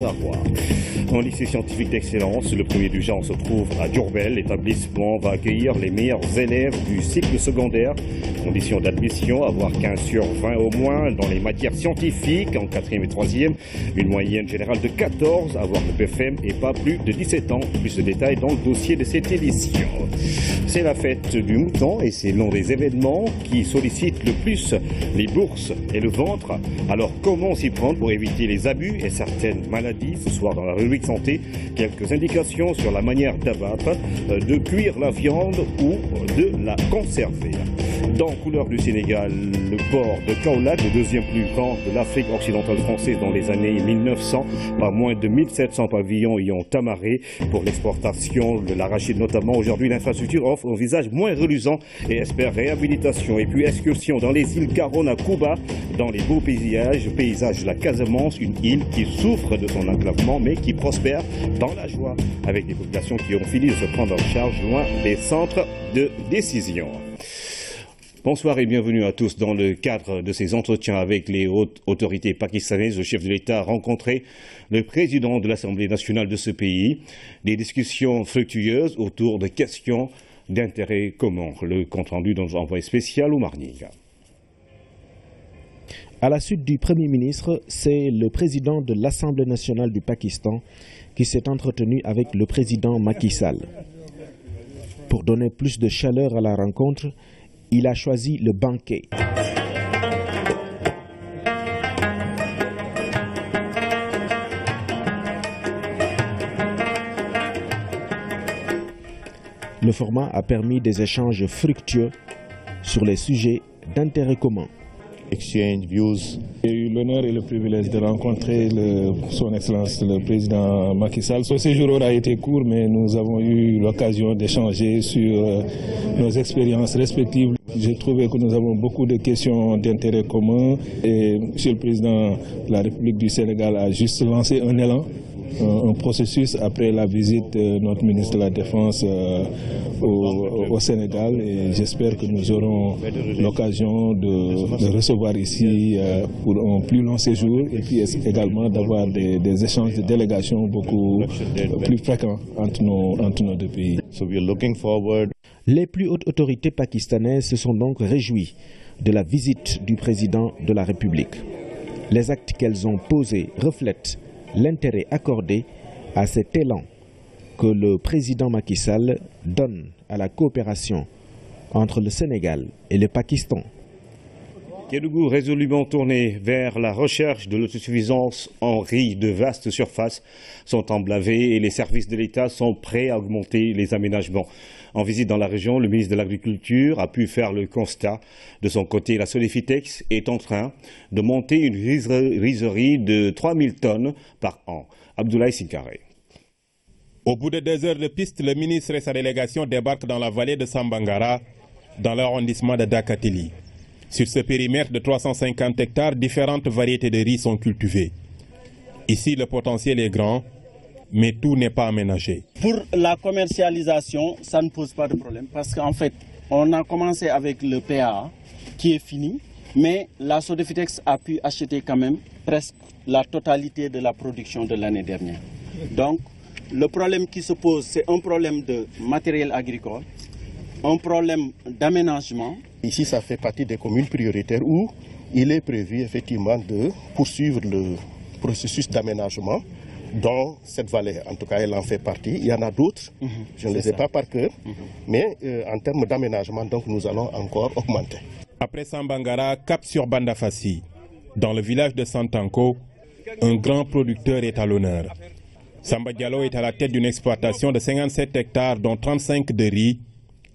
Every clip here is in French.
干活。un lycée scientifique d'excellence. Le premier du genre se trouve à Durbel. L'établissement va accueillir les meilleurs élèves du cycle secondaire. Condition d'admission, avoir 15 sur 20 au moins dans les matières scientifiques en 4e et 3e. Une moyenne générale de 14, avoir le BFM e et pas plus de 17 ans. Plus de détails dans le dossier de cette édition. C'est la fête du mouton et c'est l'un des événements qui sollicite le plus les bourses et le ventre. Alors comment s'y prendre pour éviter les abus et certaines maladies Ce soir dans la rue de santé, quelques indications sur la manière d'abattre, euh, de cuire la viande ou de la conserver. Dans Couleur du Sénégal, le port de Kaolack, le deuxième plus grand de l'Afrique occidentale française dans les années 1900, Pas moins de 1700 pavillons y ont amarré pour l'exportation de l'arachide notamment. Aujourd'hui, l'infrastructure offre un visage moins reluisant et espère réhabilitation et puis excursion dans les îles Carona, à Cuba, dans les beaux paysages, paysage de la Casamance, une île qui souffre de son enclavement mais qui prospère dans la joie, avec des populations qui ont fini de se prendre en charge loin des centres de décision. Bonsoir et bienvenue à tous. Dans le cadre de ces entretiens avec les hautes autorités pakistanaises, le chef de l'État a rencontré le président de l'Assemblée nationale de ce pays. Des discussions fructueuses autour de questions d'intérêt commun. Le compte-rendu dans notre envoyé spécial au Marnig. À la suite du Premier ministre, c'est le président de l'Assemblée nationale du Pakistan qui s'est entretenu avec le président Macky Sall. Pour donner plus de chaleur à la rencontre, il a choisi le banquet. Le format a permis des échanges fructueux sur les sujets d'intérêt commun exchange views. J'ai eu l'honneur et le privilège de rencontrer le, son Excellence le Président Macky Sall. Ce séjour aura été court, mais nous avons eu l'occasion d'échanger sur euh, nos expériences respectives. J'ai trouvé que nous avons beaucoup de questions d'intérêt commun et Monsieur le Président, de la République du Sénégal a juste lancé un élan un, processus après la visite de notre ministre de la Défense euh, au, Sénégal et j'espère que nous aurons l'occasion de, recevoir ici euh, pour un plus long séjour et puis également d'avoir des, des, échanges de délégations beaucoup plus fréquents entre nos, entre nos deux pays. Les plus hautes autorités pakistanaises se sont donc réjouies de la visite du président de la République. Les actes qu'elles ont posés reflètent l'intérêt accordé à cet élan que le président Macky Sall donne à la coopération entre le Sénégal et le Pakistan. Kédougou résolument tourné vers la recherche de l'autosuffisance en riz. De vastes surfaces sont emblavées et les services de l'État sont prêts à augmenter les aménagements. En visite dans la région, le ministre de l'Agriculture a pu faire le constat. De son côté, la Solifitex est en train de monter une riserie de 3000 tonnes par an. Abdoulaye Sinkaré. Au bout de deux heures de piste, le ministre et sa délégation débarquent dans la vallée de Sambangara, dans l'arrondissement de Dakatili. Sur ce périmètre de 350 hectares, différentes variétés de riz sont cultivées. Ici, le potentiel est grand, mais tout n'est pas aménagé. Pour la commercialisation, ça ne pose pas de problème parce qu'en fait, on a commencé avec le PA qui est fini, mais la Sodefitex a pu acheter quand même presque la totalité de la production de l'année dernière. Donc, le problème qui se pose, c'est un problème de matériel agricole, un problème d'aménagement Ici, ça fait partie des communes prioritaires où il est prévu effectivement de poursuivre le processus d'aménagement dans cette vallée. En tout cas, elle en fait partie. Il y en a d'autres, mhm. je ne les ai pas par cœur, mhm. mais euh, en termes d'aménagement, donc nous allons encore augmenter. Après Sambangara, cap sur Bandafasi. dans le village de Santanko, un grand producteur est à l'honneur. Sambadialo est à la tête d'une exploitation de 57 hectares, dont 35 de riz,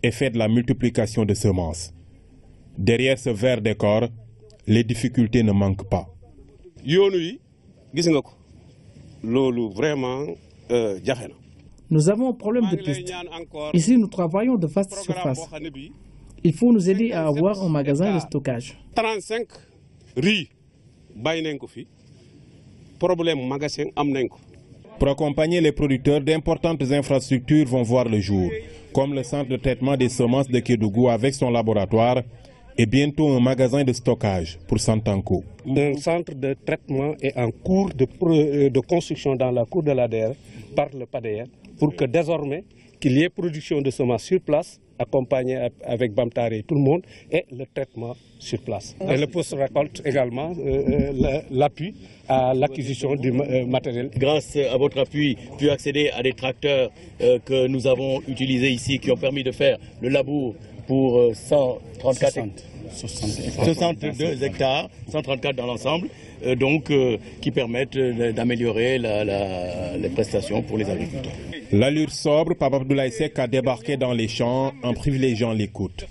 et fait de la multiplication de semences derrière ce vert décor les difficultés ne manquent pas. Euh, nous avons un problème de piste ici nous travaillons de à surface il faut nous aider à avoir un magasin de stockage. problème magasin Pour accompagner les producteurs, d'importantes infrastructures vont voir le jour, comme le centre de traitement des semences de Kédougou avec son laboratoire et bientôt un magasin de stockage pour Santanco. Un centre de traitement est en cours de, euh, construction dans la cour de l'ADR par le PADER pour que désormais qu'il y ait production de semences sur place accompagné avec Bamtare et tout le monde, et le traitement sur place. Et le poste récolte également euh, euh, l'appui à l'acquisition du matériel. Grâce à votre appui, pu accéder à des tracteurs que nous avons utilisés ici, qui ont permis de faire le labour, pour 134 euh, 62 hectares, 134 dans l'ensemble, euh, donc euh, qui permettent d'améliorer les prestations pour les agriculteurs. L'allure sobre, Papa Abdoulaye Sek a débarqué dans les champs en privilégiant l'écoute.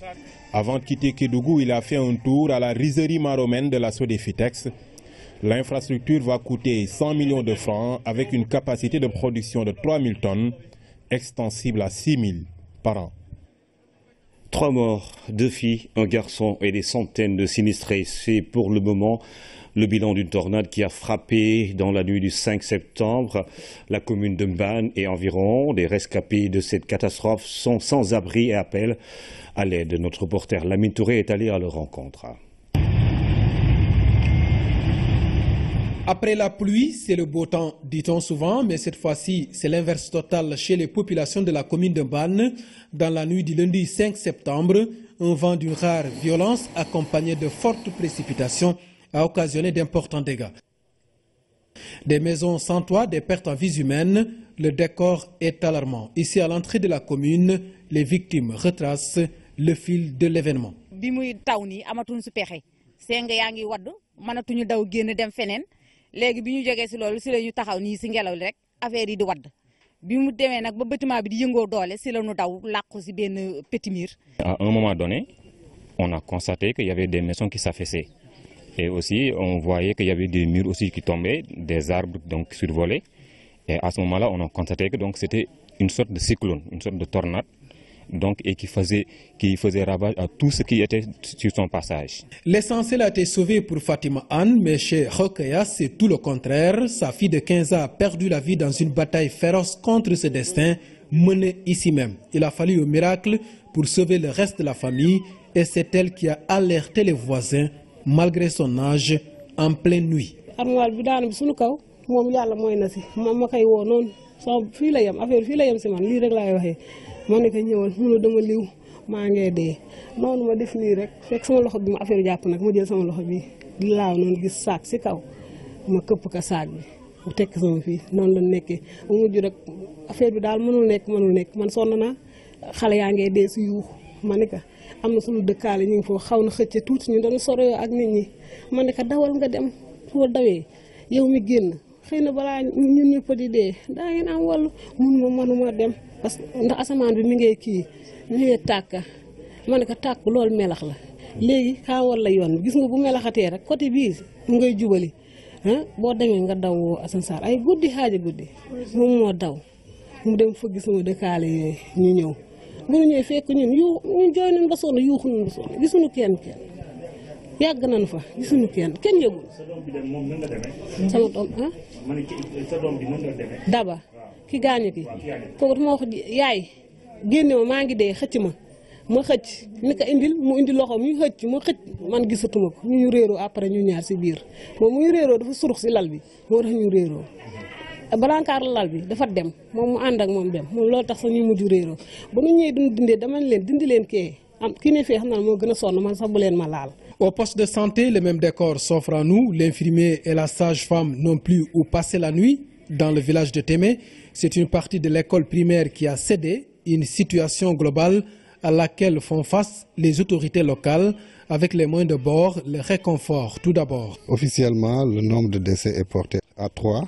Avant de quitter Kédougou, il a fait un tour à la riserie maromaine de l'assaut des FITEX. L'infrastructure va coûter 100 millions de francs avec une capacité de production de 3000 tonnes, extensible à 6000 par an. Trois morts, deux filles, un garçon et des centaines de sinistrés. C'est pour le moment le bilan d'une tornade qui a frappé dans la nuit du 5 septembre la commune de Mban et environ. Des rescapés de cette catastrophe sont sans abri et appellent à l'aide. Notre reporter Lamine Touré est allé à leur rencontre. Après la pluie, c'est le beau temps, dit-on souvent, mais cette fois-ci, c'est l'inverse total chez les populations de la commune de Banne. Dans la nuit du lundi 5 septembre, un vent d'une rare violence accompagné de fortes précipitations a occasionné d'importants dégâts. Des maisons sans toit, des pertes en vies humaines, le décor est alarmant. Ici, à l'entrée de la commune, les victimes retracent le fil de l'événement à un moment donné on a constaté qu'il y avait des maisons qui s'affaissaient et aussi on voyait qu'il y avait des murs aussi qui tombaient des arbres donc survolés et à ce moment-là on a constaté que donc c'était une sorte de cyclone une sorte de tornade donc, et qui faisait, qui ravage à tout ce qui était sur son passage. L'essentiel a été sauvé pour Fatima Anne, mais chez Roqueya, c'est tout le contraire. Sa fille de 15 ans a perdu la vie dans une bataille féroce contre ce destin mené ici même. Il a fallu un miracle pour sauver le reste de la famille et c'est elle qui a alerté les voisins malgré son âge en pleine nuit. sama fii la yem affaire fii la yem si man lii rek laay waxee ma ne ñëwal mu ne dama liw maa ngee dee noonu ma def nii rek fekk sama loxo bi ma bi jàpp nag ma jël sama loxo bi di laaw noonu gis saak si kaw ma këpp ka saak bi mu tekk sama fii noonu la nekkee mu mujj rek affaire bi daal mënul nekk mënul nekk man sonn naa xale yaa ngee dee si yuuxu ma ne ko am na suñu dëkkaale ñu ngi foofu xaw na xëcce tuuti ñu dañu sore ak nit ñi ma ne ko dawal nga dem foo dawee yow mi génn xëy na balaa ñun ñëpp di dee daa ngeen am wàllu mun ma mënuma dem parce que ndax asamaan bi mi ngay kii mi ngay tàkk ma ne ko tàkk loolu melax la léegi kaa walla yoon bi gis nga bu melaxatee rek côté bii mu ngay jubali boo demee nga daw woo Assane Sarr ay guddi xaaja guddi moom moo daw mu dem fa gis nga dëkkaale ñu ñëw bu ñu ñëwee fekk ñun yu ñun jooy ba sonn yuuxu nañ ba sonn gisuñu kenn kenn yàgg nañu fa gisuñu kenn kenn yëgul. sa doom bi ah? daba ki gaañu ki kooku dama yaay génne ma maa ngi dee xëcc ma ma xëcc ni ko indil mu indi loxo muy xëcc ma xëcc man gisatuma ñu ñu réeroo après ñu ñaar si biir moom muy réeroo dafa surux si lal bi moo tax ñu réeroo. balankaar lal bi dafa dem moom mu ànd ak moom dem moom loolu tax sax ñu mujj réeroo ba nu ñëwee dund dindee dama leen dindi leen kee am kii ne fee xam naa moo gën a sonn man sax bu leen ma laal. Au poste de santé, le même décor s'offre à nous. L'infirmier et la sage-femme n'ont plus où passer la nuit. Dans le village de Témé, c'est une partie de l'école primaire qui a cédé, une situation globale à laquelle font face les autorités locales avec les moyens de bord, le réconfort tout d'abord. Officiellement, le nombre de décès est porté à trois,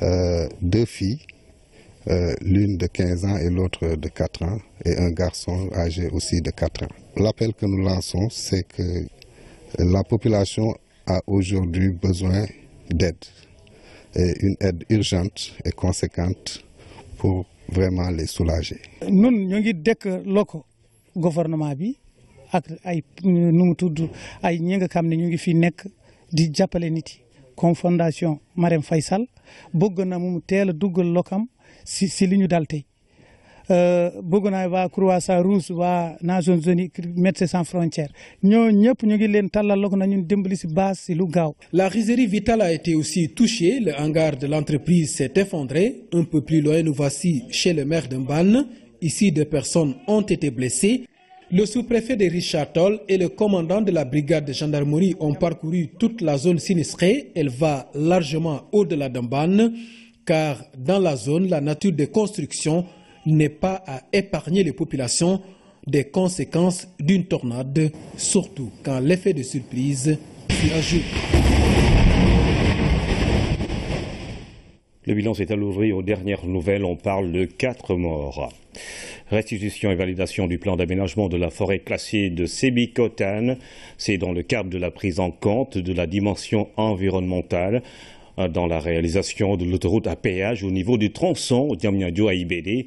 euh, deux filles, euh, l'une de 15 ans et l'autre de 4 ans, et un garçon âgé aussi de 4 ans. L'appel que nous lançons, c'est que la population a aujourd'hui besoin d'aide, une aide urgente et conséquente pour vraiment les soulager. Nous, nous que le gouvernement ak ay nu mu tudd ay ñi nga xam ne ñu ngi fi nekk di jàppale nit yi comme fondation Marème Faye bëgg na mu teel a duggal lokam si li ñu dal la riserie vitale a été aussi touchée le hangar de l'entreprise s'est effondré un peu plus loin nous voici chez le maire de ici des personnes ont été blessées. Le sous-préfet de Richard Toll et le commandant de la brigade de gendarmerie ont parcouru toute la zone sinistrée. Elle va largement au-delà d'Emban car dans la zone, la nature des constructions n'est pas à épargner les populations des conséquences d'une tornade, surtout quand l'effet de surprise s'y ajoute. Le bilan s'est l'ouvrir. aux dernières nouvelles, on parle de quatre morts. Restitution et validation du plan d'aménagement de la forêt classée de Sébicotane. C'est dans le cadre de la prise en compte de la dimension environnementale. Euh, dans la réalisation de l'autoroute à péage au niveau du tronçon au Diamniadio à IBD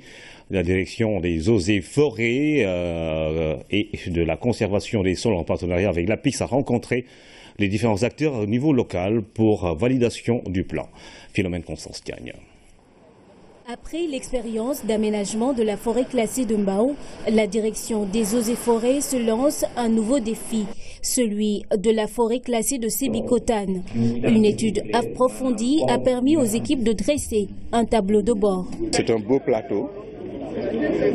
la direction des eaux et forêts euh, et de la conservation des sols en partenariat avec PICS a rencontré les différents acteurs au niveau local pour validation du plan. Philomène Constance tiagne après l'expérience d'aménagement de la forêt classée de Mbao, la direction des eaux et forêts se lance un nouveau défi, celui de la forêt classée de Sébicotane. Une étude approfondie a permis aux équipes de dresser un tableau de bord. C'est un beau plateau,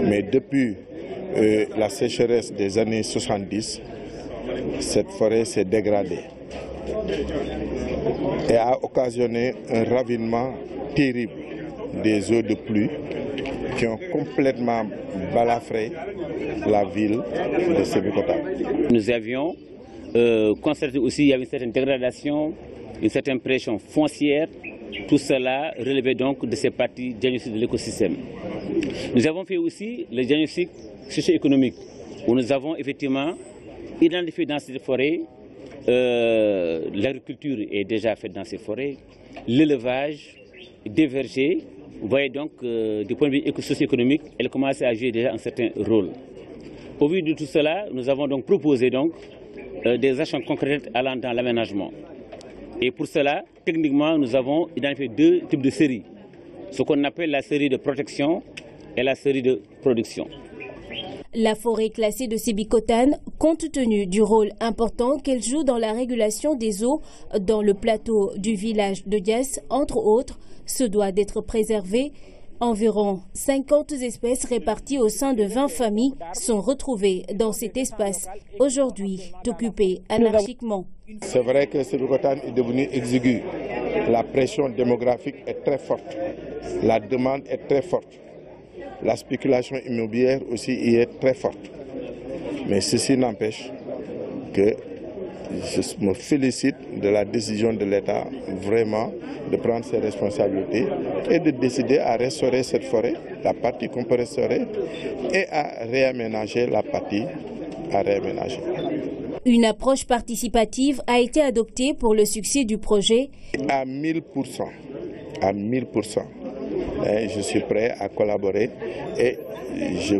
mais depuis euh, la sécheresse des années 70, cette forêt s'est dégradée et a occasionné un ravinement terrible des eaux de pluie qui ont complètement balafré la ville de Sebekota. Nous avions euh, constaté aussi qu'il y avait une certaine dégradation, une certaine pression foncière. Tout cela relevait donc de ces parties diagnostiques de l'écosystème. Nous avons fait aussi le diagnostic socio-économique, où nous avons effectivement identifié dans ces forêts, euh, l'agriculture est déjà faite dans ces forêts, l'élevage, des vergers, vous voyez donc, du point de vue socio-économique, elle commence à jouer déjà un certain rôle. Au vu de tout cela, nous avons donc proposé euh, des actions concrètes allant dans l'aménagement. Et pour cela, techniquement, nous avons identifié deux types de séries. Ce qu'on appelle la série de protection et la série de production. La forêt classée de Sibicotan compte tenu du rôle important qu'elle joue dans la régulation des eaux dans le plateau du village de Diès, entre autres, se doit d'être préservée. Environ 50 espèces réparties au sein de 20 familles sont retrouvées dans cet espace, aujourd'hui occupé anarchiquement. C'est vrai que Sibicotan est devenu exigu. La pression démographique est très forte. La demande est très forte. La spéculation immobilière aussi y est très forte. Mais ceci n'empêche que je me félicite de la décision de l'État vraiment de prendre ses responsabilités et de décider à restaurer cette forêt, la partie qu'on peut restaurer, et à réaménager la partie à réaménager. Une approche participative a été adoptée pour le succès du projet. À 1000%, à 1000%. Hein, je suis prêt à collaborer et je,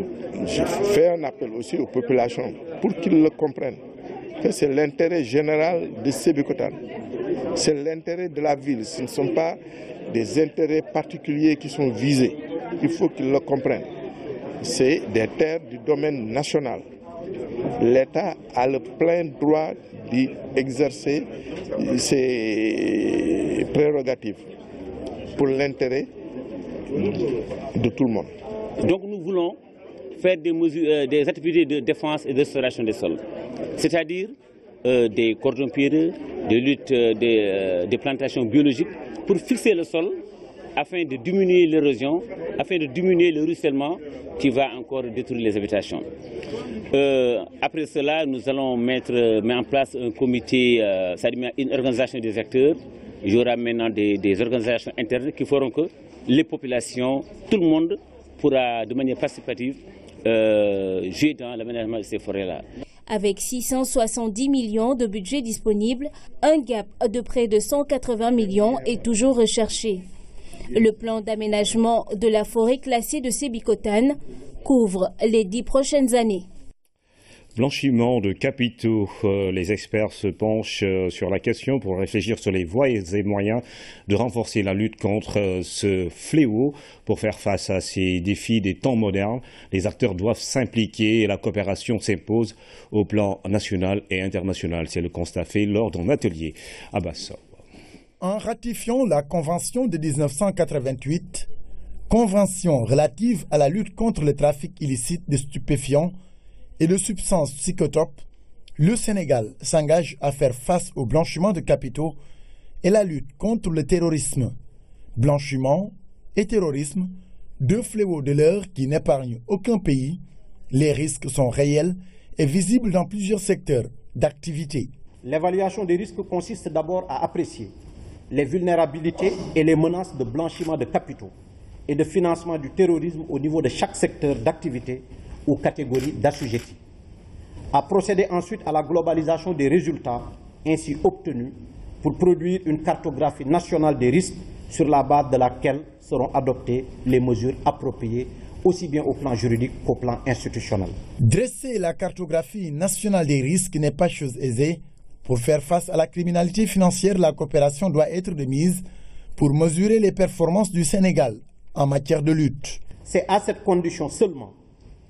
fais un appel aussi aux populations pour qu'ils le comprennent que c'est l'intérêt général de Sébikotan. C'est l'intérêt de la ville. Ce ne sont pas des intérêts particuliers qui sont visés. Il faut qu'ils le comprennent. C'est des terres du domaine national. L'État a le plein droit d'exercer ses prérogatives pour l'intérêt de tout le monde. Donc nous voulons faire des, mesures, euh, des activités de défense et de restauration des sols, c'est-à-dire euh, des cordons pierreux, des lutte euh, des, plantations biologiques pour fixer le sol afin de diminuer l'érosion, afin de diminuer le ruissellement qui va encore détruire les habitations. après cela, nous allons mettre, en place un comité, une organisation des acteurs. Il y aura maintenant des organisations internes qui feront que les populations, tout le monde pourra de manière participative euh, jouer dans l'aménagement de ces forêts-là. Avec 670 millions de budget disponibles, un gap de près de 180 millions est toujours recherché. Le plan d'aménagement de la forêt classée de Sébicotane couvre les dix prochaines années. Blanchiment de capitaux. Euh, les experts se penchent euh, sur la question pour réfléchir sur les voies et moyens de renforcer la lutte contre euh, ce fléau. Pour faire face à ces défis des temps modernes, les acteurs doivent s'impliquer et la coopération s'impose au plan national et international. C'est le constat fait lors d'un atelier à Bassor. En ratifiant la Convention de 1988, Convention relative à la lutte contre le trafic illicite de stupéfiants, et de substances psychotropes, le Sénégal s'engage à faire face au blanchiment de capitaux et la lutte contre le terrorisme. Blanchiment et terrorisme, deux fléaux de l'heure qui n'épargnent aucun pays. Les risques sont réels et visibles dans plusieurs secteurs d'activité. L'évaluation des risques consiste d'abord à apprécier les vulnérabilités et les menaces de blanchiment de capitaux et de financement du terrorisme au niveau de chaque secteur d'activité aux catégories d'assujettis. A procéder ensuite à la globalisation des résultats ainsi obtenus pour produire une cartographie nationale des risques sur la base de laquelle seront adoptées les mesures appropriées aussi bien au plan juridique qu'au plan institutionnel. Dresser la cartographie nationale des risques n'est pas chose aisée. Pour faire face à la criminalité financière, la coopération doit être de mise pour mesurer les performances du Sénégal en matière de lutte. C'est à cette condition seulement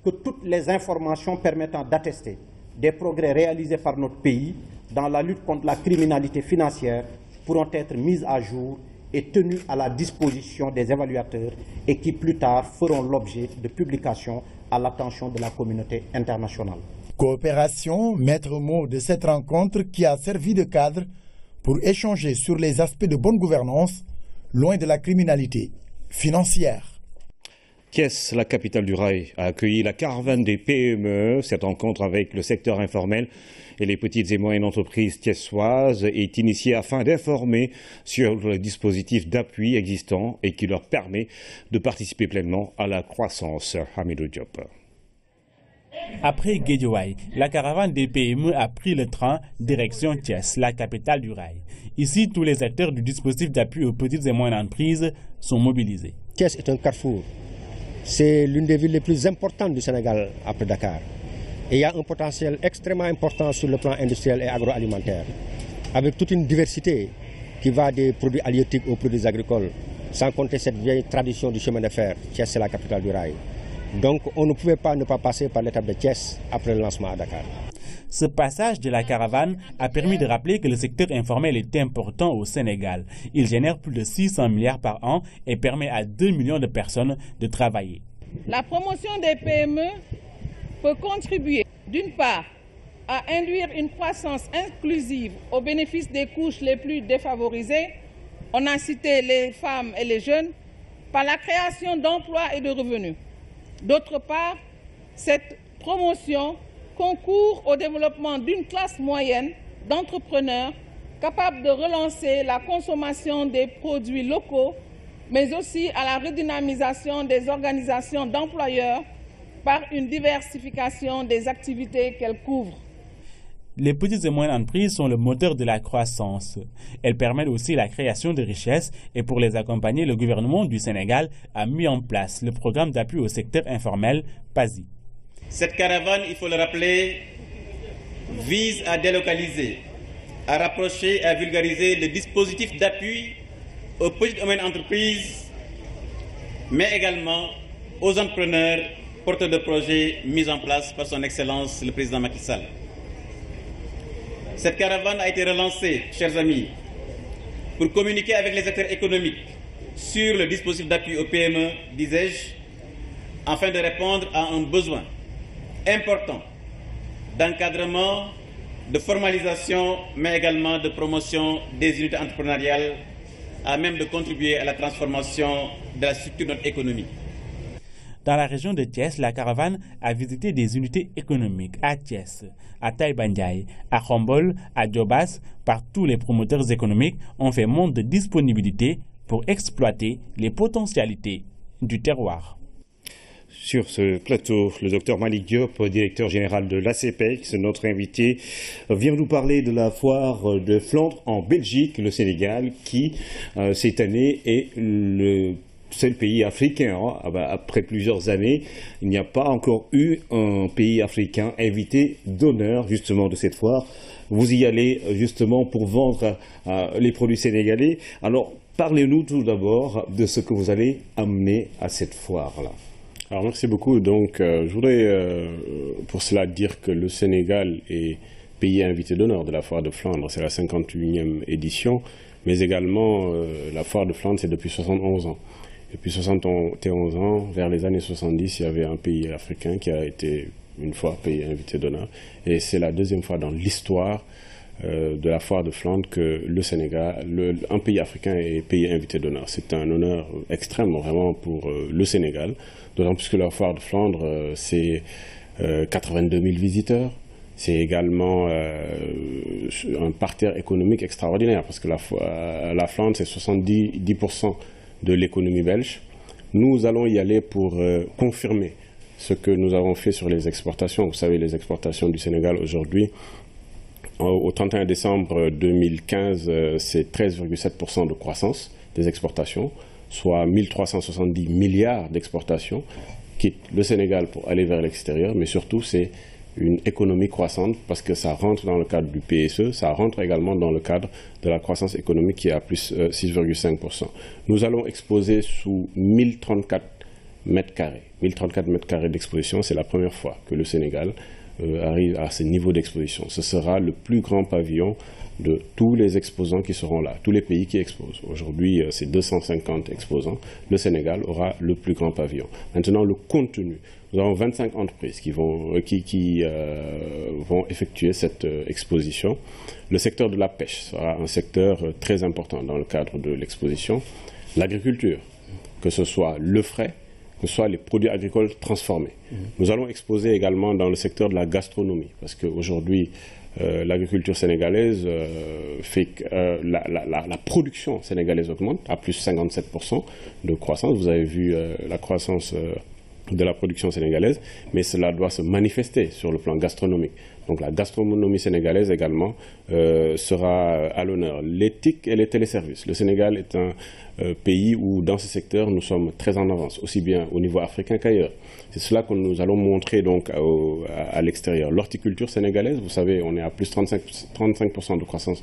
que toutes les informations permettant d'attester des progrès réalisés par notre pays dans la lutte contre la criminalité financière pourront être mises à jour et tenues à la disposition des évaluateurs et qui plus tard feront l'objet de publications à l'attention de la communauté internationale. Coopération, maître mot de cette rencontre qui a servi de cadre pour échanger sur les aspects de bonne gouvernance loin de la criminalité financière. Kies, la capitale du rail, a accueilli la caravane des PME. Cette rencontre avec le secteur informel et les petites et moyennes entreprises tiessoises est initiée afin d'informer sur le dispositif d'appui existant et qui leur permet de participer pleinement à la croissance. Hamidou Après Guédiouaï, la caravane des PME a pris le train direction Thiès, la capitale du rail. Ici, tous les acteurs du dispositif d'appui aux petites et moyennes entreprises sont mobilisés. est un carrefour c'est l'une des villes les plus importantes du Sénégal après Dakar. Et il y a un potentiel extrêmement important sur le plan industriel et agroalimentaire, avec toute une diversité qui va des produits halieutiques aux produits agricoles, sans compter cette vieille tradition du chemin de fer. Thiès, c'est la capitale du rail. Donc on ne pouvait pas ne pas passer par l'étape de Thiès après le lancement à Dakar. Ce passage de la caravane a permis de rappeler que le secteur informel est important au Sénégal. Il génère plus de 600 milliards par an et permet à 2 millions de personnes de travailler. La promotion des PME peut contribuer, d'une part, à induire une croissance inclusive au bénéfice des couches les plus défavorisées, on a cité les femmes et les jeunes, par la création d'emplois et de revenus. D'autre part, cette promotion concours au développement d'une classe moyenne d'entrepreneurs capables de relancer la consommation des produits locaux, mais aussi à la redynamisation des organisations d'employeurs par une diversification des activités qu'elles couvrent. Les petites et moyennes entreprises sont le moteur de la croissance. Elles permettent aussi la création de richesses et pour les accompagner, le gouvernement du Sénégal a mis en place le programme d'appui au secteur informel PASI. Cette caravane, il faut le rappeler, vise à délocaliser, à rapprocher et à vulgariser le dispositifs d'appui aux petites et entreprises, mais également aux entrepreneurs porteurs de projets mis en place par son Excellence le Président Macky Sall. Cette caravane a été relancée, chers amis, pour communiquer avec les acteurs économiques sur le dispositif d'appui aux PME, disais-je, afin de répondre à un besoin important d'encadrement, de formalisation, mais également de promotion des unités entrepreneuriales à même de contribuer à la transformation de la structure de notre économie. Dans la région de Thiès, la caravane a visité des unités économiques à Thiès, à Taïbandiaï, à Rambol à Djobas, par tous les promoteurs économiques ont fait montre de disponibilité pour exploiter les potentialités du terroir. Sur ce plateau, le docteur Malik Diop, directeur général de l'ACPEX, notre invité, vient nous parler de la foire de Flandre en Belgique, le Sénégal, qui euh, cette année est le seul pays africain. Ah, ah bah, après plusieurs années, il n'y a pas encore eu un pays africain invité d'honneur justement de cette foire. Vous y allez euh, justement pour vendre euh, les produits sénégalais. Alors, parlez-nous tout d'abord de ce que vous allez amener à cette foire-là. Alors merci beaucoup. Donc euh, je voudrais euh, pour cela dire que le Sénégal est pays invité d'honneur de la foire de Flandre. C'est la 51e édition, mais également euh, la foire de Flandre, c'est depuis 71 ans. Depuis 71 ans, vers les années 70, il y avait un pays africain qui a été une fois pays invité d'honneur. Et c'est la deuxième fois dans l'histoire euh, de la foire de Flandre que le Sénégal, un pays africain est pays invité d'honneur. C'est un honneur extrême vraiment pour euh, le Sénégal, d'autant plus que la foire de Flandre, euh, c'est 82 000 visiteurs. C'est également un parterre économique extraordinaire parce que la, la Flandre, c'est 70% de l'économie belge. Nous allons y aller pour confirmer ce que nous avons fait sur les exportations. Vous savez, les exportations du Sénégal aujourd'hui au 31 décembre 2015, euh, c'est 13,7% de croissance des exportations, soit 1370 milliards d'exportations, quittent le Sénégal pour aller vers l'extérieur, mais surtout c'est une économie croissante parce que ça rentre dans le cadre du PSE, ça rentre également dans le cadre de la croissance économique qui est à plus 6,5%. Euh, Nous allons exposer sous 1034 mètres carrés. 1034 mètres carrés d'exposition, c'est la première fois que le Sénégal euh, arrive à ce niveau d'exposition. Ce sera le plus grand pavillon de tous les exposants qui seront là, tous les pays qui exposent. Aujourd'hui, euh, c'est 250 exposants. Le Sénégal aura le plus grand pavillon. Maintenant, le contenu. Nous avons 25 entreprises qui vont euh, effectuer cette exposition. Le secteur de la pêche sera un secteur très important dans le cadre de l'exposition. L'agriculture, que ce soit le frais, que ce soit les produits agricoles transformés. Mhm. Nous allons exposer également dans le secteur de la gastronomie, parce qu'aujourd'hui, euh, l'agriculture sénégalaise euh, fait que euh, la, production sénégalaise augmente à plus de 57% de croissance. Vous avez vu la croissance de la production sénégalaise, mais cela doit se manifester sur le plan gastronomique. Donc la gastronomie sénégalaise également euh, sera euh, à l'honneur. L'éthique et les téléservices. Le Sénégal est un euh, pays où dans ce secteur nous sommes très en avance, aussi bien au niveau africain qu'ailleurs. C'est cela que nous allons montrer donc à, l'extérieur. L'horticulture sénégalaise, vous savez, on est à plus 35, 35 de croissance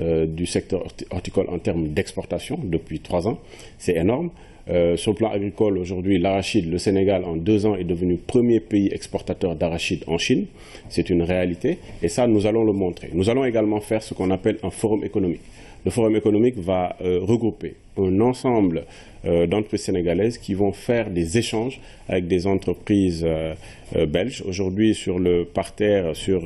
du secteur horticole en termes d'exportation depuis trois ans. C'est énorme. Euh, sur le plan agricole, aujourd'hui, l'arachide, le Sénégal, en deux ans, est devenu premier pays exportateur d'arachide en Chine. C'est une réalité et ça, nous allons le montrer. Nous allons également faire ce qu'on appelle un forum économique. Le forum économique va euh, regrouper un ensemble euh, d'entreprises sénégalaises qui vont faire des échanges avec des entreprises belges. Aujourd'hui, sur le parterre, sur...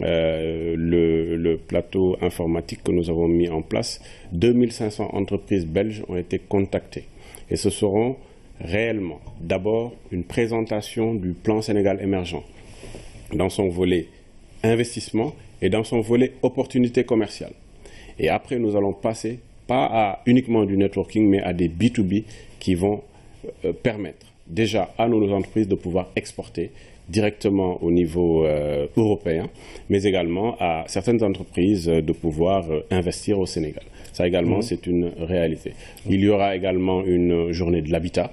le, plateau informatique que nous avons mis en place, 2500 entreprises belges ont été contactées et ce seront réellement d'abord une présentation du plan Sénégal émergent dans son volet investissement et dans son volet opportunité commerciale. Et après, nous allons passer pas à uniquement du networking, mais à des B2B qui vont euh, permettre déjà à nos entreprises de pouvoir exporter directement au niveau euh, européen, mais également à certaines entreprises euh, de pouvoir investir au Sénégal. Ça également, mhm. c'est une réalité. Il y aura également une journée de l'habitat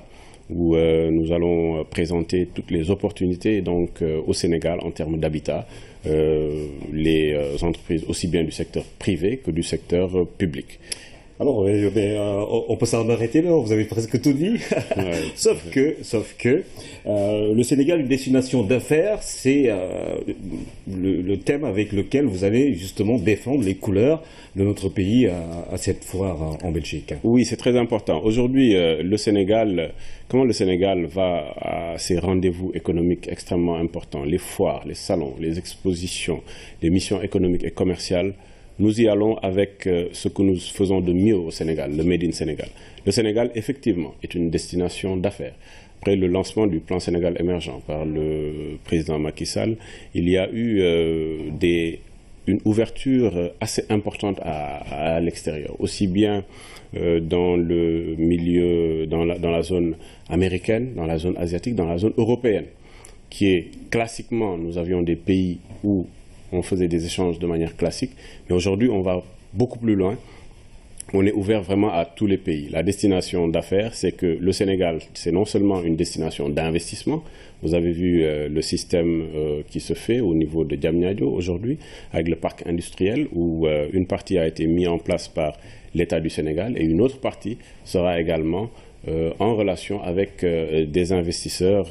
où euh, nous allons euh, présenter toutes les opportunités donc, euh, au Sénégal en termes d'habitat, les entreprises aussi bien du secteur privé que du secteur public. Alors, euh, eh ben, euh, on peut s'en arrêter là, vous avez presque tout dit. sauf que, sauf que euh, le Sénégal, une destination d'affaires, c'est le, thème avec lequel vous allez justement défendre les couleurs de notre pays à, à cette foire en, Belgique. Oui, c'est très important. Aujourd'hui, le Sénégal, comment le Sénégal va à ces rendez-vous économiques extrêmement importants, les foires, les salons, les expositions, les missions économiques et commerciales nous y allons avec euh, ce que nous faisons de mieux au Sénégal, le Made in Sénégal. Le Sénégal, effectivement, est une destination d'affaires. Après le lancement du plan Sénégal émergent par le président Macky Sall, il y a eu euh, une ouverture assez importante à, l'extérieur, aussi bien euh, dans le milieu, dans la zone américaine, dans la zone asiatique, dans la zone européenne, qui est classiquement, nous avions des pays où on faisait des échanges de manière classique. Mais aujourd'hui, on va beaucoup plus loin. On est ouvert vraiment à tous les pays. La destination d'affaires, c'est que le Sénégal, c'est non seulement une destination d'investissement, vous avez vu euh, le système euh, qui se fait au niveau de Diamniadio aujourd'hui, avec le parc industriel, où euh, une partie a été mise en place par l'État du Sénégal et une autre partie sera également en relation avec des investisseurs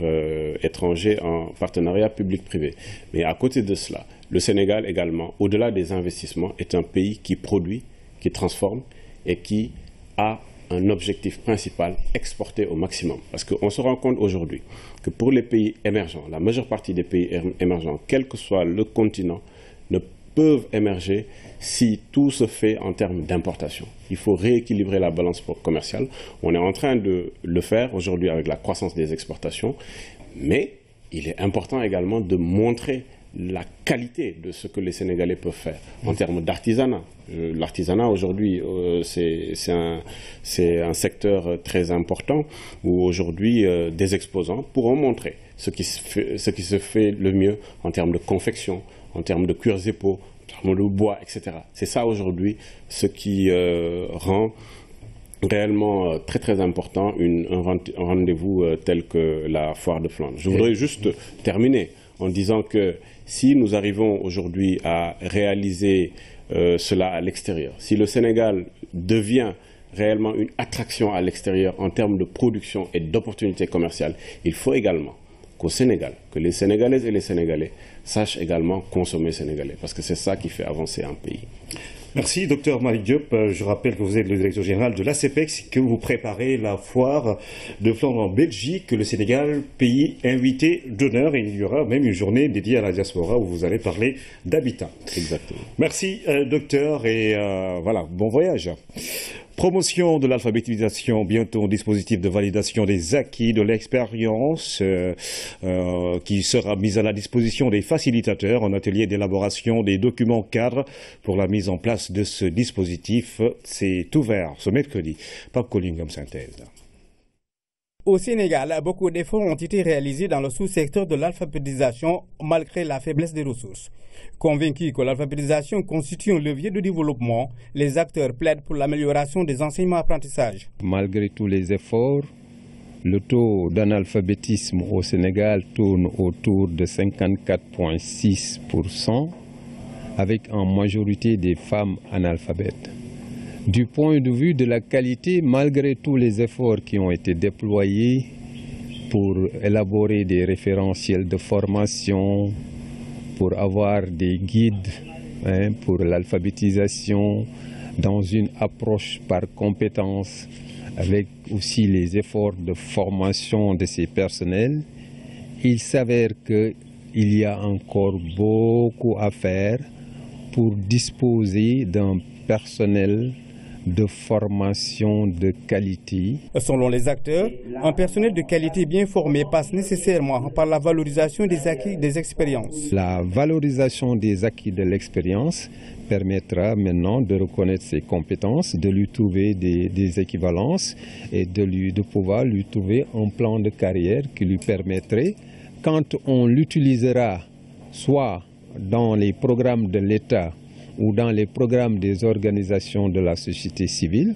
étrangers en partenariat public-privé. Mais à côté de cela, le Sénégal également, au-delà des investissements, est un pays qui produit, qui transforme et qui a un objectif principal, exporter au maximum. Parce qu'on se rend compte aujourd'hui que pour les pays émergents, la majeure partie des pays er, émergents, quel que soit le continent, ne peuvent émerger si tout se fait en termes d'importation. Il faut rééquilibrer la balance commerciale. On est en train de le faire aujourd'hui avec la croissance des exportations, mais il est important également de montrer la qualité de ce que les Sénégalais peuvent faire en termes d'artisanat. Euh, l'artisanat aujourd'hui, euh, c'est un, secteur euh, très important où aujourd'hui des exposants pourront montrer ce qui, se fait, ce qui se fait le mieux en termes de confection, en termes de cuirs et peaux, en termes de bois, etc. C'est ça aujourd'hui ce qui rend réellement très très important un rendez-vous tel que la foire de Flandre. Je voudrais juste terminer en disant que si nous arrivons aujourd'hui à réaliser euh, cela à l'extérieur, si le Sénégal devient réellement une attraction à l'extérieur en termes de production et d'opportunités commerciales, il faut également qu'au Sénégal, que les Sénégalaises et les Sénégalais sachent également consommer sénégalais, parce que c'est ça qui fait avancer un pays. Merci, docteur Malik Diop. Euh, je rappelle que vous êtes le directeur général de l'ACPEX, que vous préparez la foire de Flandre en Belgique, le Sénégal, pays invité d'honneur. Et il y aura même une journée dédiée à la diaspora où vous allez parler d'habitat. Exactement. Merci, euh, docteur, et euh, voilà, bon voyage. Promotion de l'alphabétisation, bientôt un dispositif de validation des acquis de l'expérience euh, euh, qui sera mis à la disposition des facilitateurs en atelier d'élaboration des documents cadres pour la mise en place de ce dispositif. C'est ouvert ce mercredi. Pape Collingham synthèse. Au Sénégal, beaucoup d'efforts ont été réalisés dans le sous-secteur de l'alphabétisation malgré la faiblesse des ressources. Convaincus que l'alphabétisation constitue un levier de développement, les acteurs plaident pour l'amélioration des enseignements-apprentissages. Malgré tous les efforts, le taux d'analphabétisme au Sénégal tourne autour de 54,6%, avec en majorité des femmes analphabètes. Du point de vue de la qualité, malgré tous les efforts qui ont été déployés pour élaborer des référentiels de formation, pour avoir des guides hein, pour l'alphabétisation, dans une approche par compétences, avec aussi les efforts de formation de ces personnels, il s'avère qu'il y a encore beaucoup à faire pour disposer d'un personnel de formation de qualité. Selon les acteurs, un personnel de qualité bien formé passe nécessairement par la valorisation des acquis des expériences. La valorisation des acquis de l'expérience permettra maintenant de reconnaître ses compétences, de lui trouver des, équivalences et de pouvoir lui trouver un plan de carrière qui lui permettrait, quand on l'utilisera soit dans les programmes de l'État, ou dans les programmes des organisations de la société civile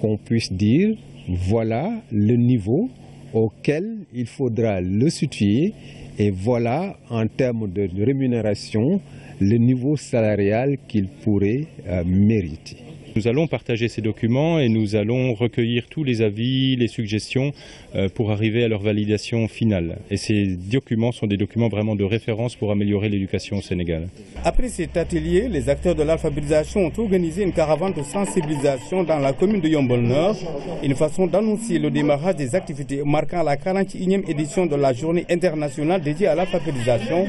qu'on puisse dire voilà le niveau auquel il faudra le situer et voilà en termes de rémunération le niveau salarial qu'il pourrait euh, mériter. Nous allons partager ces documents et nous allons recueillir tous les avis, les suggestions euh, pour arriver à leur validation finale. Et ces documents sont des documents vraiment de référence pour améliorer l'éducation au Sénégal. Après cet atelier, les acteurs de l'alphabétisation ont organisé une caravane de sensibilisation dans la commune de Yombol Nord, une façon d'annoncer le démarrage des activités marquant la 41e édition de la journée internationale dédiée à l'alphabétisation.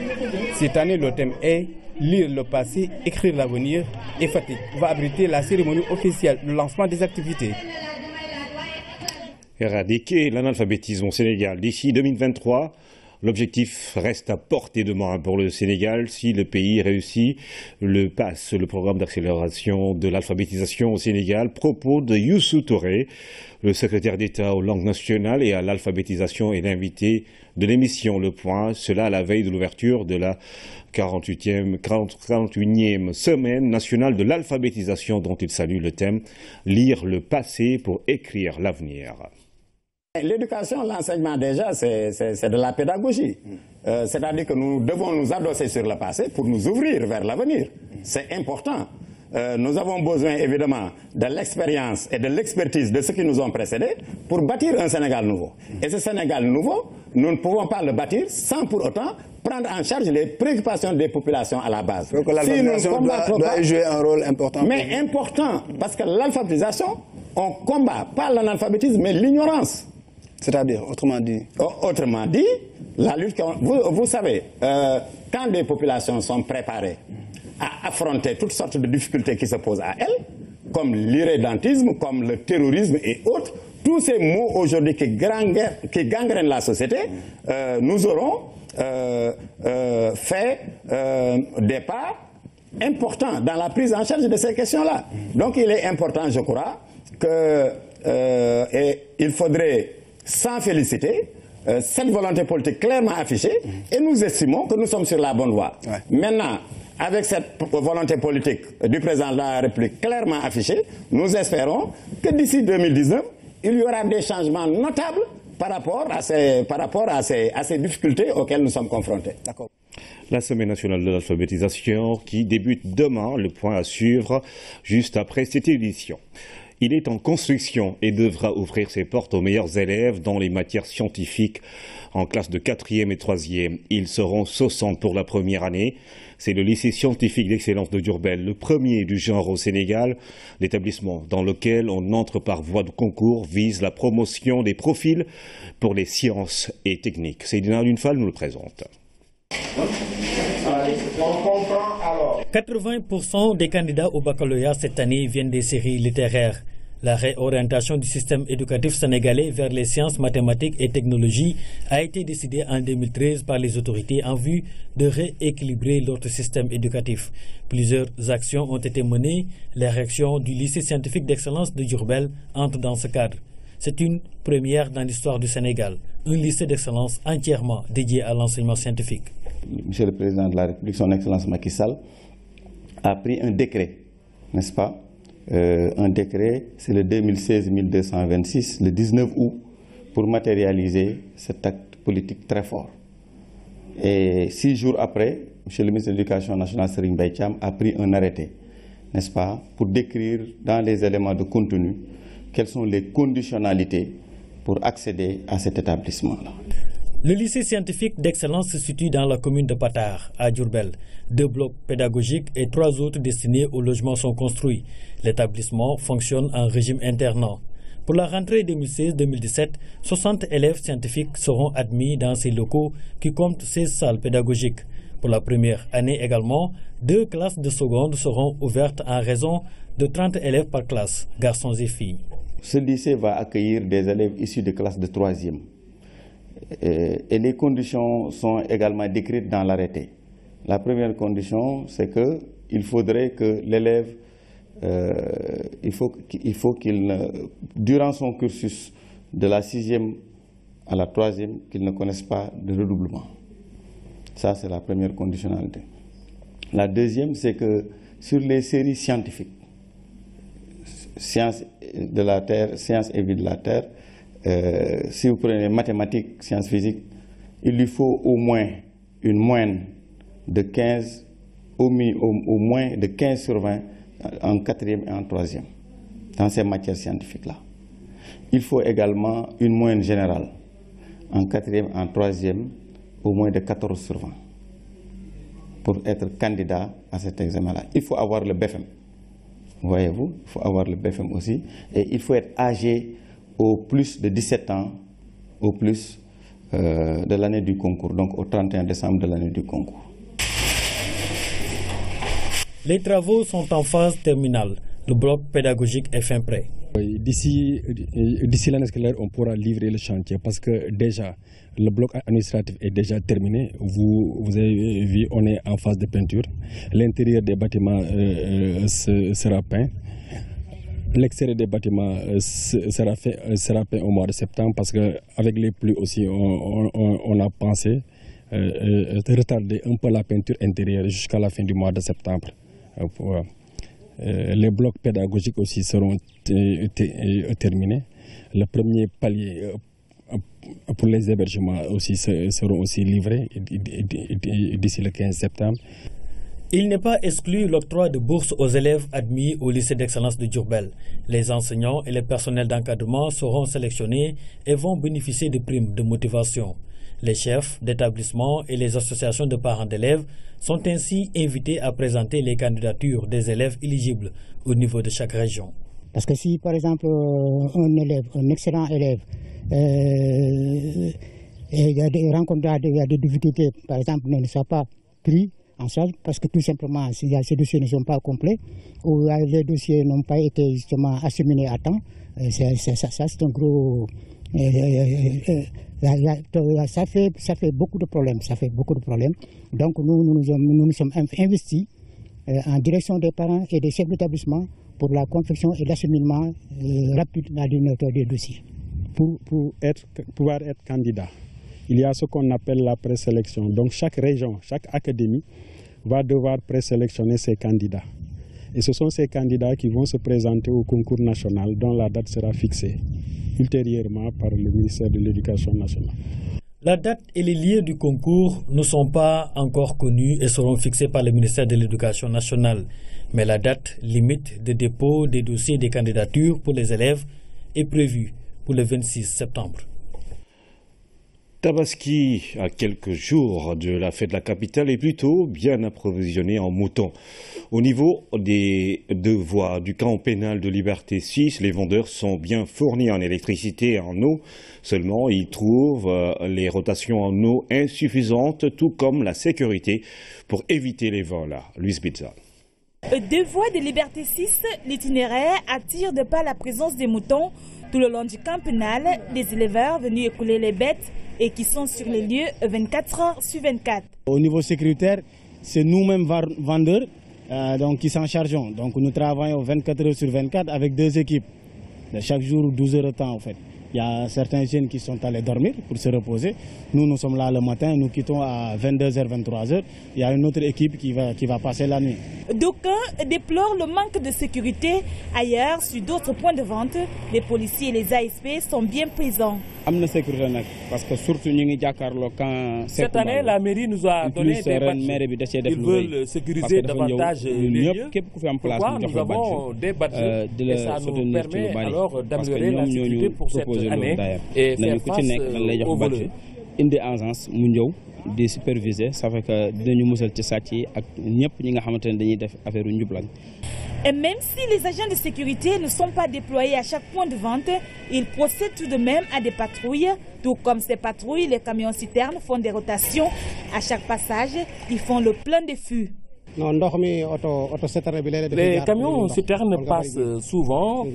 Cette année, le thème est lire le passé, écrire l'avenir et Fatih va abriter la cérémonie officielle de lancement des activités. Éradiquer l'analphabétisme au Sénégal d'ici 2023 L'objectif reste à portée de main pour le Sénégal. Si le pays réussit le passe le programme d'accélération de l'alphabétisation au Sénégal, propos de Youssou Touré, le secrétaire d'État aux langues nationales et à l'alphabétisation et l'invité de l'émission Le Point, cela à la veille de l'ouverture de la 48e, 41e semaine nationale de l'alphabétisation dont il salue le thème « Lire le passé pour écrire l'avenir ». L'éducation, l'enseignement déjà, c'est de la pédagogie. Euh, c'est-à-dire que nous devons nous adosser sur le passé pour nous ouvrir vers l'avenir. C'est important. Euh, nous avons besoin évidemment de l'expérience et de l'expertise de ceux qui nous ont précédés pour bâtir un Sénégal nouveau. Et ce Sénégal nouveau, nous ne pouvons pas le bâtir sans pour autant prendre en charge les préoccupations des populations à la base. Donc l'alphabétisation doit, jouer un rôle important. Mais important, parce que l'alphabétisation, on combat pas l'analphabétisme, mais l'ignorance. C'est-à-dire, autrement dit oh, Autrement dit, la lutte. Vous, savez, euh, quand des populations sont préparées à affronter toutes sortes de difficultés qui se posent à elles, comme l'irrédentisme, comme le terrorisme et autres, tous ces mots aujourd'hui qui, gangrènent la société, euh, nous aurons euh, fait des pas importants dans la prise en charge de ces questions-là. Donc il est important, je crois, que et il faudrait sans féliciter, euh, cette volonté politique clairement affichée, et nous estimons que nous sommes sur la bonne voie. Maintenant, avec cette volonté politique du président de la République clairement affichée, nous espérons que d'ici 2019, il y aura des changements notables par rapport à ces, difficultés auxquelles nous sommes confrontés. D'accord. semaine nationale de l'alphabétisation qui débute demain, le point à suivre juste après cette édition. Il est en construction et devra ouvrir ses portes aux meilleurs élèves dans les matières scientifiques en classe de 4e et 3e. Ils seront 60 pour la première année. C'est le lycée scientifique d'excellence de Durbel, le premier du genre au Sénégal, l'établissement dans lequel on entre par voie de concours vise la promotion des profils pour les sciences et techniques. Cédina Lunfal nous le présente. 80% des candidats au baccalauréat cette année viennent des séries littéraires. La réorientation du système éducatif sénégalais vers les sciences, mathématiques et technologies a été décidée en 2013 par les autorités en vue de rééquilibrer notre système éducatif. Plusieurs actions ont été menées. réaction du lycée scientifique d'excellence de Durbel entre dans ce cadre. C'est une première dans l'histoire du Sénégal, un lycée d'excellence entièrement dédié à l'enseignement scientifique. Monsieur le Président de la République, son Excellence Macky Sall, a pris un décret, n'est-ce pas euh, Un décret, c'est le 2016-1226, le 19 août, pour matérialiser cet acte politique très fort. Et six jours après, M. le ministre de l'Éducation nationale, Sering Baïtiam a pris un arrêté, n'est-ce pas, pour décrire dans les éléments de contenu quelles sont les conditionnalités pour accéder à cet établissement-là. Le lycée scientifique d'excellence se situe dans la commune de Patar, à Djurbel. Deux blocs pédagogiques et trois autres destinés au logement sont construits. L'établissement fonctionne en régime internant. Pour la rentrée 2016-2017, 60 élèves scientifiques seront admis dans ces locaux qui comptent 16 salles pédagogiques. Pour la première année également, deux classes de seconde seront ouvertes en raison de 30 élèves par classe, garçons et filles. Ce lycée va accueillir des élèves issus de classes de troisième. Euh, et les conditions sont également décrites dans l'arrêté. La première condition, c'est qu'il faudrait que l'élève, euh, il faut, faut qu'il, durant son cursus de la sixième à la troisième, qu'il ne connaisse pas de redoublement. Ça, c'est la première conditionnalité. La deuxième, c'est que sur les séries scientifiques, sciences de la Terre, sciences et vie de la Terre, euh, si vous prenez mathématiques, sciences physiques, il lui faut au moins une moyenne de 15, au, moins de 15 sur 20 en quatrième et en troisième, dans ces matières scientifiques-là. Il faut également une moyenne générale en quatrième et en troisième, au moins de 14 sur 20 pour être candidat à cet examen-là. Il faut avoir le BFM. E Voyez-vous, il faut avoir le BFM e aussi. Et il faut être âgé au plus de 17 ans, au plus euh, de l'année du concours, donc au 31 décembre de l'année du concours. Les travaux sont en phase terminale. Le bloc pédagogique est fin prêt. D'ici l'année scolaire, on pourra livrer le chantier parce que déjà, le bloc administratif est déjà terminé. Vous, avez vu, on est en phase de peinture. L'intérieur des bâtiments euh, euh, sera peint. L'extérieur des bâtiments euh, euh, sera fait, au mois de septembre parce qu'avec les pluies aussi, on, a pensé euh, retarder un peu la peinture intérieure jusqu'à la fin du mois de septembre. les blocs pédagogiques aussi seront terminés. Le premier palier pour les hébergements aussi seront aussi livrés d'ici le 15 septembre. Il n'est pas exclu l'octroi de bourses aux élèves admis au lycée d'excellence de Durbel. Les enseignants et les personnels d'encadrement seront sélectionnés et vont bénéficier de primes de motivation. Les chefs d'établissement et les associations de parents d'élèves sont ainsi invités à présenter les candidatures des élèves éligibles au niveau de chaque région. Parce que si, par exemple, euh, un élève, un excellent élève, euh, il y a des rencontres, il y a des difficultés, par exemple, ne soit pas pris, en charge parce que tout simplement, si ces dossiers ne sont pas complets ou euh, les dossiers n'ont pas été justement assimilés à temps, euh, ça, c'est un gros. ça, fait, beaucoup de problèmes, ça fait beaucoup de problèmes. Donc nous nous, sommes investis euh, en direction des parents et des chefs d'établissement pour la confection et l'asseminement rapide des dossiers. Pour, pour être, pouvoir être candidat, il y a ce qu'on appelle la présélection. Donc chaque région, chaque académie va devoir présélectionner ses candidats. Et ce sont ces candidats qui vont se présenter au concours national dont la date sera fixée ultérieurement par le ministère de l'Éducation nationale. La date et les liens du concours ne sont pas encore connus et seront fixés par le ministère de l'Éducation nationale. Mais la date limite de dépôt des dossiers des candidatures pour les élèves est prévue pour le 26 septembre. Tabaski, à quelques jours de la fête de la capitale, est plutôt bien approvisionné en moutons. Au niveau des deux voies du camp pénal de Liberté 6, les vendeurs sont bien fournis en électricité et en eau. Seulement, ils trouvent euh, les rotations en eau insuffisantes, tout comme la sécurité pour éviter les vols. Luis Pizza. Deux voies de Liberté 6, l'itinéraire attire de pas la présence des moutons tout le long du camp pénal, des éleveurs venus écouler les bêtes et qui sont sur les lieux 24 heures sur 24. Au niveau sécuritaire, c'est nous-mêmes vendeurs euh, qui s'en chargeons. Donc nous travaillons 24 heures sur 24 avec deux équipes, chaque jour 12 heures de temps en fait. Il y a certains jeunes qui sont allés dormir pour se reposer. Nous, nous sommes là le matin, nous quittons à 22h, 23h. Il y a une autre équipe qui va, qui va passer la nuit. D'aucuns déplorent le manque de sécurité. Ailleurs, sur d'autres points de vente, les policiers et les ASP sont bien présents. Parce que surtout, Cette année, la mairie nous a donné des badges. Ils veulent sécuriser davantage euh, les lieux. Pourquoi nous avons des badges euh, et ça nous permet alors d'améliorer la sécurité pour cette et même si les agents de sécurité ne sont pas déployés à chaque point de vente, ils procèdent tout de même à des patrouilles. Tout comme ces patrouilles, les camions citernes font des rotations. À chaque passage, ils font le plein des fûts. Les camions citernes passent euh, souvent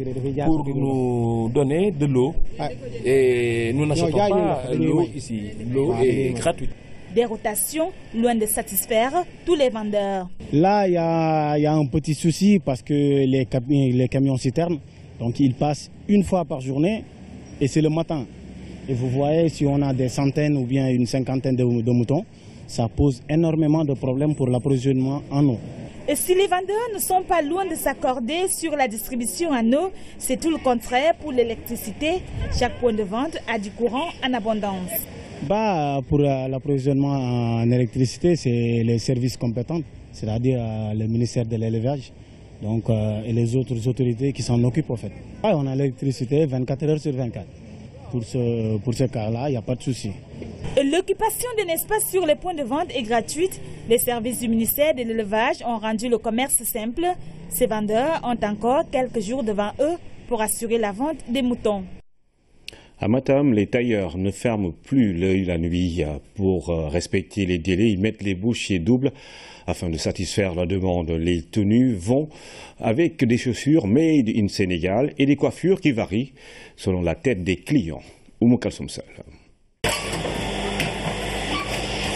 pour nous donner de l'eau ah. et nous n'achetons pas l'eau ici. L'eau ah, est gratuite. Des rotations loin de satisfaire tous les vendeurs. Là, il y, a un petit souci parce que les, les camions citernes, donc ils passent une fois par journée et c'est le matin. Et vous voyez, si on a des centaines ou bien une cinquantaine de, de moutons, ça pose énormément de problèmes pour l'approvisionnement en eau. Et si les vendeurs ne sont pas loin de s'accorder sur la distribution en eau, c'est tout le contraire pour l'électricité. Chaque point de vente a du courant en abondance. Bah, pour euh, l'approvisionnement en électricité, c'est les services compétents, c'est-à-dire euh, le ministère de l'élevage donc, euh, et les autres autorités qui s'en occupent en fait. on a l'électricité 24 heures sur 24 pour ce, cas-là, il n'y a pas de souci. L'occupation d'un espace sur les points de vente est gratuite. Les services du ministère de l'élevage ont rendu le commerce simple. Ces vendeurs ont encore quelques jours devant eux pour assurer la vente des moutons. À Matam, les tailleurs ne ferment plus l'œil la nuit. Pour euh, respecter les délais, ils mettent les bouchées doubles afin de satisfaire la demande. Les tenues vont avec des chaussures made in Sénégal et des coiffures qui varient selon la tête des clients. Oumou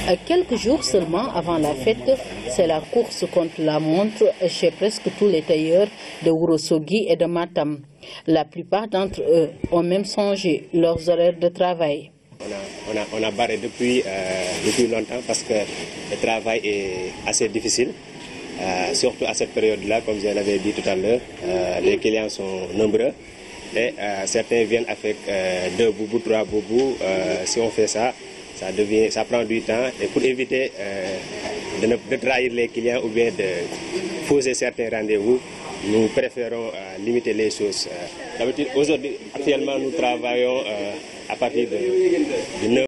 euh, quelques jours seulement avant la fête, c'est la course contre la montre chez presque tous les tailleurs de Wurosugi et de Matam. La plupart d'entre eux ont même songé leurs horaires de travail. On a, barré euh, depuis, longtemps parce que le travail est assez difficile. Euh, surtout à cette période-là, comme je l'avais dit tout à l'heure, les clients sont nombreux et certains viennent avec deux boubous, trois boubous. si on fait ça, ça devient, ça prend du temps et pour éviter euh, de, ne, de, trahir les clients ou bien de poser certains rendez-vous, nous préférons euh, limiter les choses. Euh. Aujourd'hui, actuellement, nous travaillons à partir de, de 9